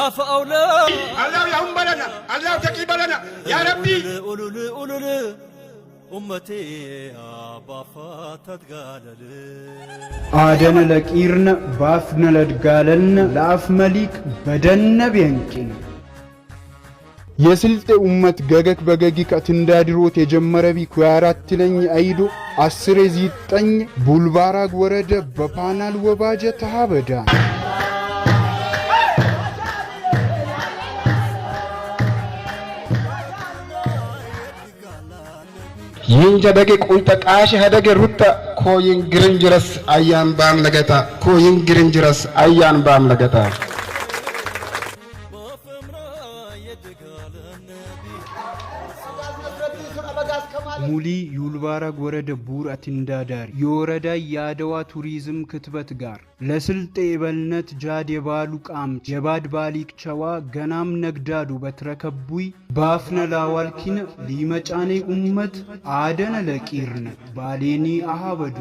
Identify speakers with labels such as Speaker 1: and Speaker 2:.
Speaker 1: አላሁ ያሁን በለና አላሁ ተቂ በለና ያ ረቢ ኡሉል ኡመቴ አባፋተት ጋለል አደነ ለቂርነ ባፍነ ለድጋለልነ ለአፍ መሊቅ በደነ ቤንቂን የስልጤ ኡመት ገገክ በገጊ ከትንዳድሮት የጀመረቢ ኩያራት ለኝ አይዶ አስሬ ዚጠኝ ቡልባራግ ወረደ በፓናል ወባጀ ተሃበዳ ይንጀ ደቂ ቁይተ ቃሽ ሀደገ ሩተ ኮይን ግርንጅረስ አያን ባም ነገታ ኮይን ግርንጅረስ አያን ባም ነገታ
Speaker 2: ሙሊ ዩልባራግ ወረደ ቡር አትንዳዳሪ የወረዳ የአድዋ ቱሪዝም ክትበት ጋር ለስልጤ የበልነት ጃድ የባሉ ቃምች የባድ ባሊክ ቸዋ ገናም ነግዳዱ በትረከቡይ ባፍነ ላዋልኪነ ሊመጫኔ ኡመት አደነ ለቂርነ ባሌኒ አሃበዱ